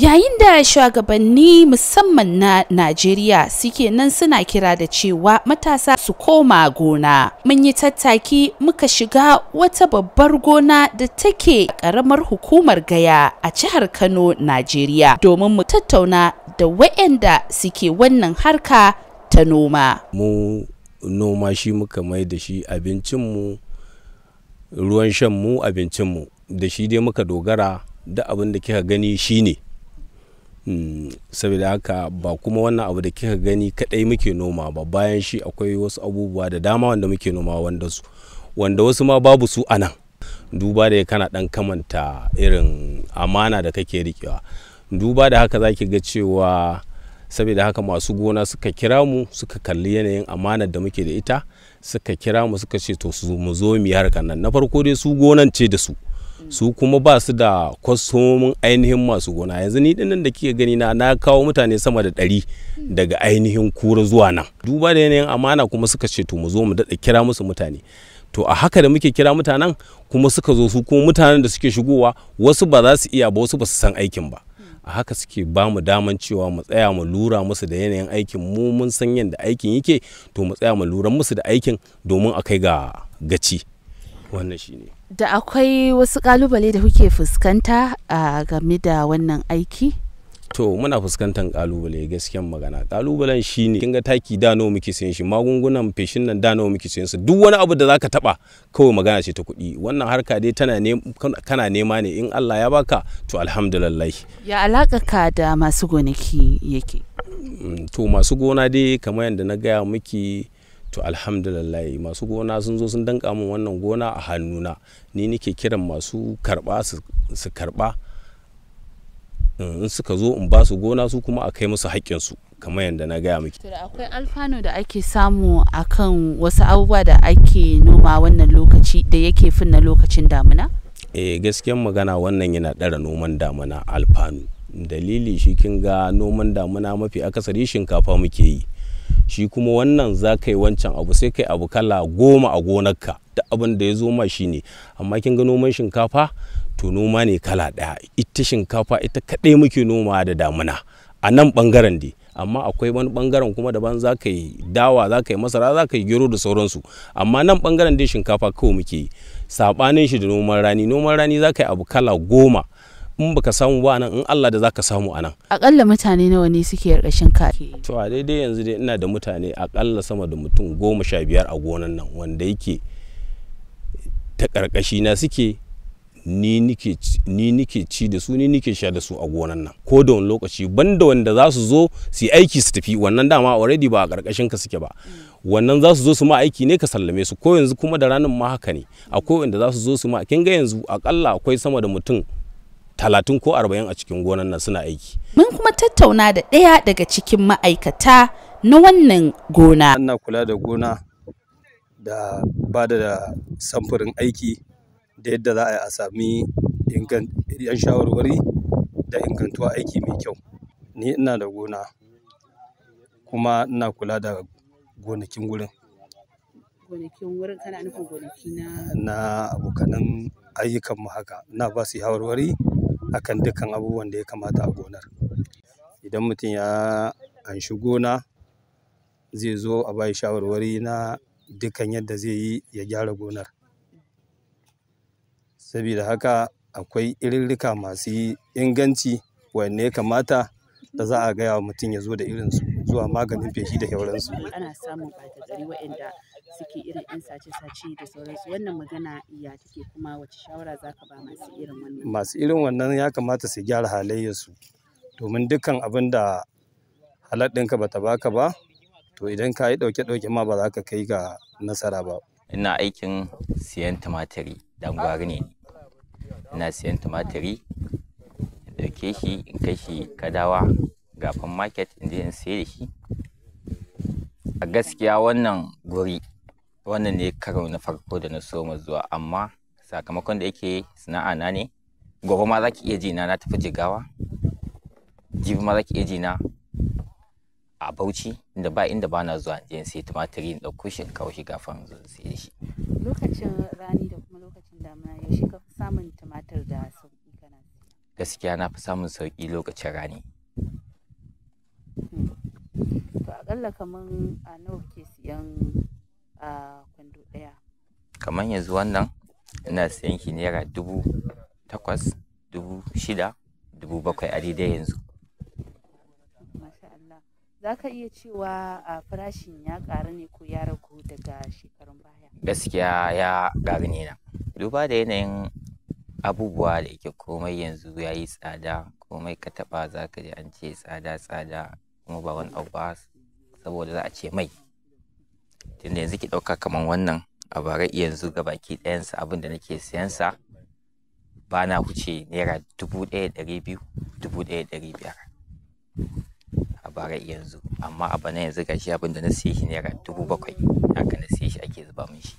yayin da shugabanni musamman na najeriya suke nan suna kira da cewa matasa su koma gona mun yi tattaki muka shiga wata babbar gona da take karamar hukumar gaya a jihar kano najeriya domin mu tattauna da wayanda suke wannan harka ta noma mu noma shi muka mai da shi abincinmu ruwan shanmu abincinmu da shi dai muka dogara da abin da kika gani shine saboda haka ba kuma wannan abu da kika gani kadai muke noma ba bayan shi akwai wasu abubuwa da dama wanda muke noma wanda su wanda wasu ma babu su a nan duba da kana dan kamanta irin amana da kake rikewa duba da haka zaki ga cewa saboda haka masu gona suka kira mu suka kalli yanayin amanar da muke da ita suka kira mu suka ce to su mu zo mu yi harkar nan na farko dai su gonan ce da su su kuma ba su da kwasomin ainihin masu gona yanzu ni dinnan da kike gani na na kawo mutane sama da ɗari daga ainihin kura zuwa nan duba da yanayin amana kuma suka ce to mu zo mu daɗa kira musu mutane to a haka da muke kira mutanen kuma suka zo su kuma mutanen da suke shigowa wasu ba za su iya ba wasu ba su san aikin ba a haka suke ba mu daman cewa mu tsaya mu lura musu da yanayin aikin mu mun san yadda aikin yake to mu tsaya mu lura musu da aikin domin a kai ga gaci wannan shine da akwai wasu kalubale da kuke fuskanta a game da wannan aiki to muna fuskantar kalubale gaskiyan magana kalubalen shine kin ga taki da nawa muke sayan shi magungunan feshin nan da nawa muke sayan su duk wani abu da zaka taba kawai magana ce ta kuɗi wannan harka dai tana ne kana nema ne in Allah ya baka to alhamdulillah ya alaka ka da masu gonaki yake mm, to masu gona dai kamar yadda na gaya miki to alhamdulillah masu gona sun zo sun danka min wannan gona a hannuna ni nike kiran masu karba su karba in suka zo in ba su gona su kuma a kai musu haƙƙinsu kamar yadda na gaya miki. To da akwai alfano da ake samu akan wasu abubuwa da ake noma wannan lokaci da yake finna lokacin damina? Eh gaskiyan magana wannan yana ɗara noman damuna alfano Dalili shi kin ga noman damina mafi akasari shinkafa muke yi. shi kuma wannan za ka yi wancan abu sai kai abu kala goma a gonarka duk abin da ya zo ma shi ne amma kin ga noman shinkafa to noma ne kala ɗaya ita shinkafa ita kaɗai muke noma da damuna a nan ɓangaren dai amma akwai wani bangaren kuma daban za ka yi dawa za ka yi masara za ka yi gero da sauransu amma nan bangaren dai shinkafa kawai muke yi saɓanin shi da noman rani noman rani za ka yi abu kala goma in baka samu ba nan in Allah da zaka samu anan akalla mutane nawa ne suke yarkashin ka to a daidai yanzu dai ina da mutane akalla sama da mutum goma sha biyar a gonan nan wanda yake ta karkashi na suke ni nike ni nike ci da su ni nike sha da su a gonan nan ko da wani lokaci banda wanda za su zo su yi aiki su tafi wannan dama already ba a karkashin ka suke ba wannan za su zo su ma aiki ne ka sallame su ko yanzu kuma da ranar ma haka ne akwai wanda za su zo su ma kin ga yanzu akalla akwai sama da mutum talatin ko arba'in a cikin gonan nan suna aiki. Mun kuma tattauna da ɗaya daga cikin ma'aikata na wannan gona. Ana kula da gona da ba da samfurin aiki da yadda za a yi a sami yan shawarwari da ingantuwa aiki mai kyau. Ni ina da gona kuma ina kula da gonakin wurin. Gonakin wurin kana nufin gonaki na? Na abokanan ayyukanmu haka, na ba su shawarwari. akan dukkan abubuwan da ya kamata a gonar idan mutum ya anshi gona zai zo a bayi shawarwari na dukkan yadda zai yi ya gyara gonar saboda haka akwai irirrika masu inganci wanne ya kamata da za a gaya wa mutum ya zo da irinsu zuwa maganin feshi da yauransu ana samun gari waɗanda suke irin 'yan sace-sace da sauransu wannan magana ya take kuma wace shawara za ba masu irin wannan masu irin wannan ya kamata su gyara halayyarsu domin dukkan abin da halar ɗinka ba baka ba to idan ka yi ɗauke-ɗauke ma ba za ka kai ga nasara ba ina aikin siyan tumatiri dan ne ina siyan tumatiri in ɗauke shi in kai shi kadawa gafan market in in sayar da shi a gaskiya wannan guri wannan ne karo na farko da na soma zuwa amma sakamakon da yake sana'a na ne gobe ma za ki iya jina na tafi jigawa jibi ma za ki iya jina a bauchi inda ba inda ba na zuwa in sai tumatiri in ɗauko shi in kawo shi gafan zo sai shi lokacin rani da kuma lokacin damina yaushe ka fi samun tumatir da sauki kana gaskiya na fi samun sauki lokacin rani hmm. to akalla kaman a nawa Kaman yanzu wannan ina siyan shi naira dubu takwas dubu shida dubu bakwai a daidai yanzu za ka iya cewa a farashin ya ƙaru ne ko ya ragu daga shekarun baya gaskiya ya ƙaru ne na duba da yanayin abubuwa da yake komai yanzu ya yi tsada komai ka taɓa za ka ji an ce tsada tsada kuma ba wani abu ba saboda za a ce mai tunda yanzu ki ɗauka kaman wannan a bara yanzu ga baki ɗayansa abin da nake siyansa ba na wuce naira dubu ɗaya ɗari biyu dubu ɗaya ɗari biyar a bara yanzu amma a bana yanzu gashi shi abin da na siye shi naira dubu bakwai haka na siye shi ake zuba min shi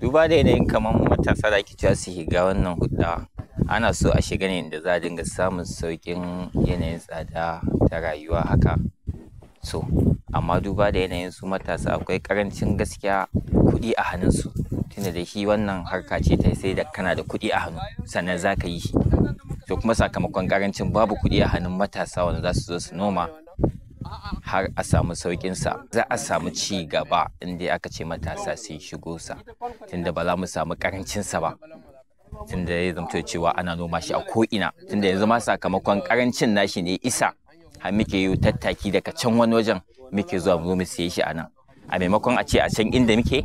duba da yanayin kamar matasa da ake cewa su shiga wannan hudda ana so a shiga ne da za a dinga samun sauƙin yanayin tsada ta rayuwa haka so amma duba da yanayin su matasa akwai karancin gaskiya kuɗi a hannunsu tunda da shi wannan harka ce ta sai da kana da kuɗi a hannu sannan za ka yi shi to kuma sakamakon karancin babu kuɗi a hannun matasa wanda za su zo su noma har a samu sa za a samu ci gaba inda aka ce matasa sun shigo sa tunda ba za mu samu karancinsa ba tunda ya zamto cewa ana noma shi a ko'ina tunda yanzu ma sakamakon karancin nashi ne isa har muke yi tattaki daga can wani wajen muke zuwa mu zo mu siye shi a nan a maimakon a ce a can inda muke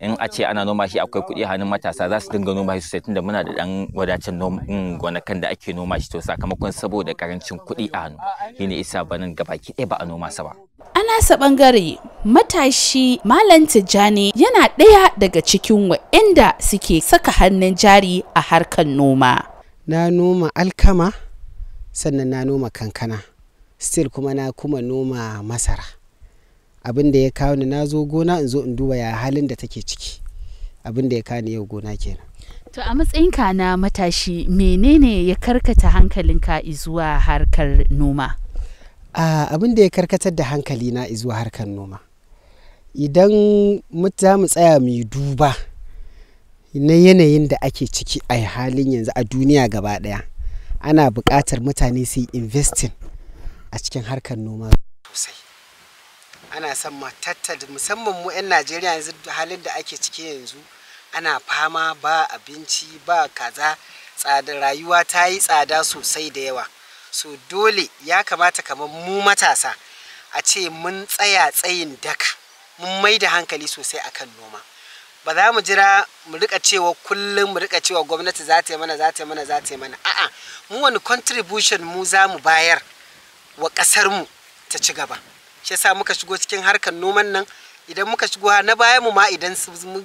in a ce ana noma shi akwai kuɗi hannun matasa za su dinga noma shi sosai tunda muna da ɗan wadacin mm, gonakan da ake noma shi to sakamakon saboda karancin kuɗi a hannu ne isa banin gabaki ɗaya ba a noma sa ba. A nasa ɓangare matashi Malam Tijjani yana ɗaya daga cikin waɗanda suke saka hannun jari a harkar noma. Na noma alkama sannan na noma kankana. still kuma na kuma noma masara abin da ya kawo ni na zo gona in zo in duba ya halin da take ciki abin da ya kawo ni yau gona kenan to a matsayinka na matashi menene ya karkata hankalinka zuwa harkar noma abin da ya karkatar da hankali na zuwa harkar noma idan za mu tsaya mu yi duba na yanayin da ake ciki a halin yanzu a duniya gaba daya ana buƙatar mutane su investin. investing a cikin harkar noma sosai ana son ma musamman mu 'yan najeriya yanzu halin da ake ciki yanzu ana fama ba abinci ba kaza tsada rayuwa ta yi tsada sosai da yawa so dole ya kamata kamar mu matasa a ce mun tsaya tsayin daka mun mai da hankali sosai akan noma ba za mu jira mu rika cewa kullum mu rika cewa gwamnati za ta yi mana za ta yi mana za ta yi mana a'a mu wani contribution mu za mu bayar wa mu ta ci gaba shi yasa muka shigo cikin harkar noman nan idan muka shigo na baya mu ma idan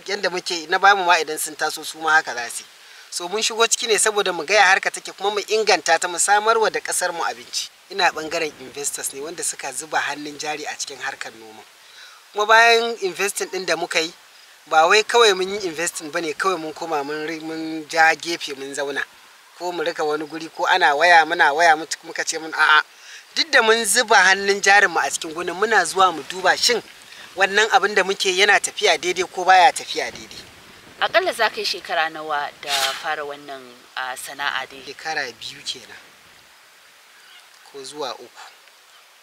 yanda muke na baya mu ma idan sun taso su ma haka za su so mun shigo ciki ne saboda mu gaya harka take kuma mu inganta ta mu samarwa da ƙasar mu abinci ina bangaren investors ne wanda suka zuba hannun jari a cikin harkar noma kuma bayan investing din da muka yi ba wai kawai mun yi investing bane kawai mun koma mun ja gefe mun zauna ko mu rika wani guri ko ana waya muna waya muka ce mun a'a duk da mun zuba hannun jarinmu a cikin gona muna zuwa mu duba shin wannan abin da muke yana tafiya daidai ko baya tafiya daidai akalla za ka yi shekara nawa da fara wannan sana'a dai shekara biyu kenan ko zuwa uku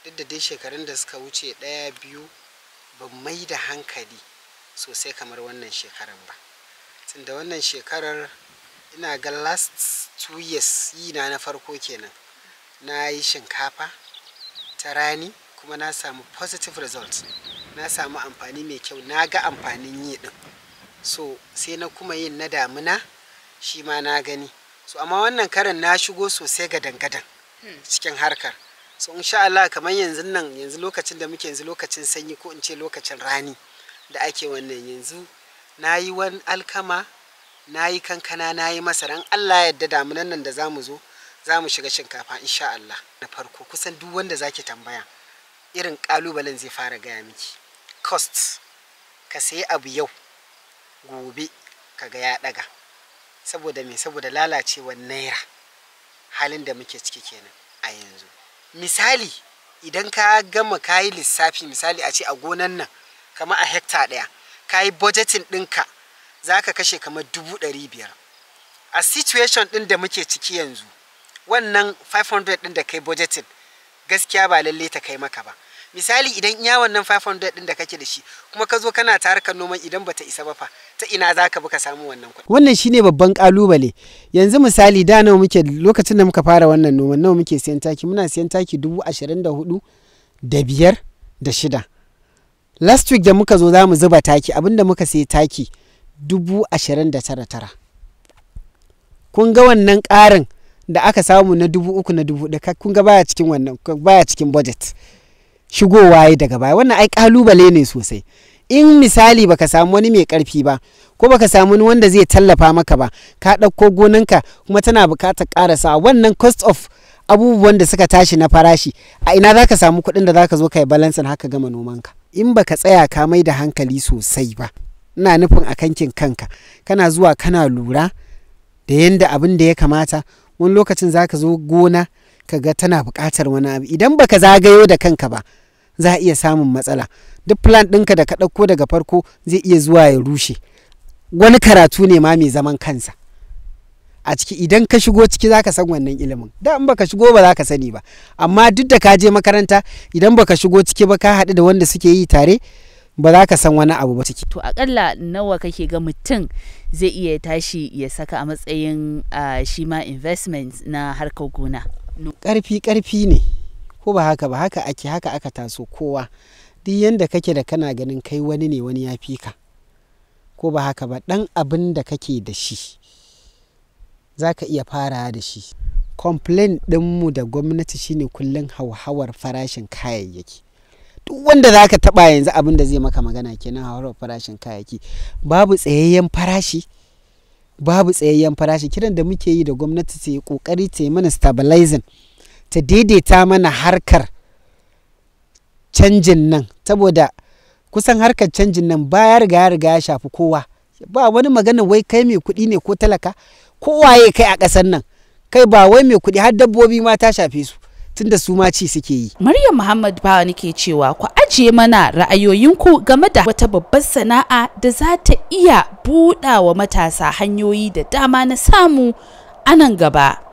duk da dai shekarun da suka wuce ɗaya biyu ban mai da hankali sosai kamar wannan shekarar ba tunda wannan shekarar ina ga last two years yi na na farko kenan na yi shinkafa ta rani kuma na samu positive results na samu amfani mai kyau na ga amfanin yi din so sai na kuma yin na damuna shi ma na gani so amma wannan karin na shigo sosai ga dangadan hmm. cikin harkar so insha Allah kamar yanzu nan yanzu lokacin da muke yanzu lokacin sanyi ko in ce lokacin rani da ake wannan yanzu na yi wani alkama na yi kankana na yi masaran Allah ya yarda damunan nan da za mu zo za mu shiga shinkafa insha Allah na farko kusan duk wanda zaki tambaya irin kalubalen zai fara gaya miki cost ka sayi abu yau gobe ka ga ya daga saboda me saboda lalacewar naira halin da muke ciki kenan a yanzu misali idan ka gama kayi lissafi misali a ce a gonan nan kama a hekta ɗaya kayi budgeting ɗinka za ka kashe kamar dubu ɗari biyar a situation ɗin da muke ciki yanzu wannan 500 ɗin da kai budgeting gaskiya ba lalle ta kai maka ba misali idan iya wannan 500 ɗin da kake da shi kuma ka zo kana ta harkar noman idan bata isa ba fa ta ina za ka buka samu wannan kuɗi. wannan shine babban kalubale yanzu misali da nawa muke lokacin da muka fara wannan noman nawa muke siyan taki muna siyan taki dubu ashirin da hudu da biyar da shida last week da muka zo za mu zuba taki abinda muka sai taki dubu ashirin da tara tara kun ga wannan ƙarin da aka samu na dubu uku na dubu ɗaya kun ga baya cikin wannan baya cikin budget shigowa ya daga baya wannan ai kalubale ne sosai in misali baka samu wani mai karfi ba ko baka samu wani wanda zai tallafa maka ba ka ɗauko ka. kuma tana buƙatar ƙarasa wannan cost of abubuwan da suka tashi na farashi a ina za ka samu kuɗin da za ka zo ka yi balansin haka gama nomanka in baka tsaya ka mai da hankali sosai ba ina nufin a kankin kanka kana zuwa kana lura da yanda abin da ya kamata wani lokacin za ka zo gona ka ga tana buƙatar wani abu idan baka zagayo da kanka ba za a iya samun matsala duk plan ɗinka da ka ɗauko daga farko zai iya zuwa ya rushe wani karatu ne ma mai zaman kansa a ciki idan ka shigo ciki za ka san wannan ilimin da in baka shigo ba za ka sani ba amma duk da ka je makaranta idan baka shigo ciki ba ka haɗu da wanda suke yi tare ba za ka san wani abu ba ciki to aƙalla nawa kake ga mutum zai iya tashi ya saka a matsayin shi ma investment na harkar gona karfi karfi ne ko ba haka ba haka ake haka aka taso kowa duk yadda kake da kana ganin kai wani ne wani ya fi ka ko ba haka ba dan abin da kake da shi za ka iya fara da shi complain ɗinmu da gwamnati shine kullum hauhawar farashin kayayyaki duk wanda za ka taɓa yanzu abin da zai maka magana kenan hauhawar farashin kayayyaki babu tsayayyen farashi babu tsayayyen farashi kiran da muke yi da gwamnati ta yi kokari ta yi mana stabilizing ta daidaita mana harkar canjin nan saboda kusan harkar canjin nan ba ya riga ya riga ya shafi kowa ba wani magana wai kai mai kuɗi ne ko talaka ya kai a ƙasar nan kai ba wai mai kuɗi har dabbobi ma ta shafe su tunda su ma ci suke yi. Maryam Muhammad Bawa nake cewa ku ajiye mana ra'ayoyinku game da wata babbar sana'a da za ta iya buɗa wa matasa hanyoyi da dama na samu a nan gaba.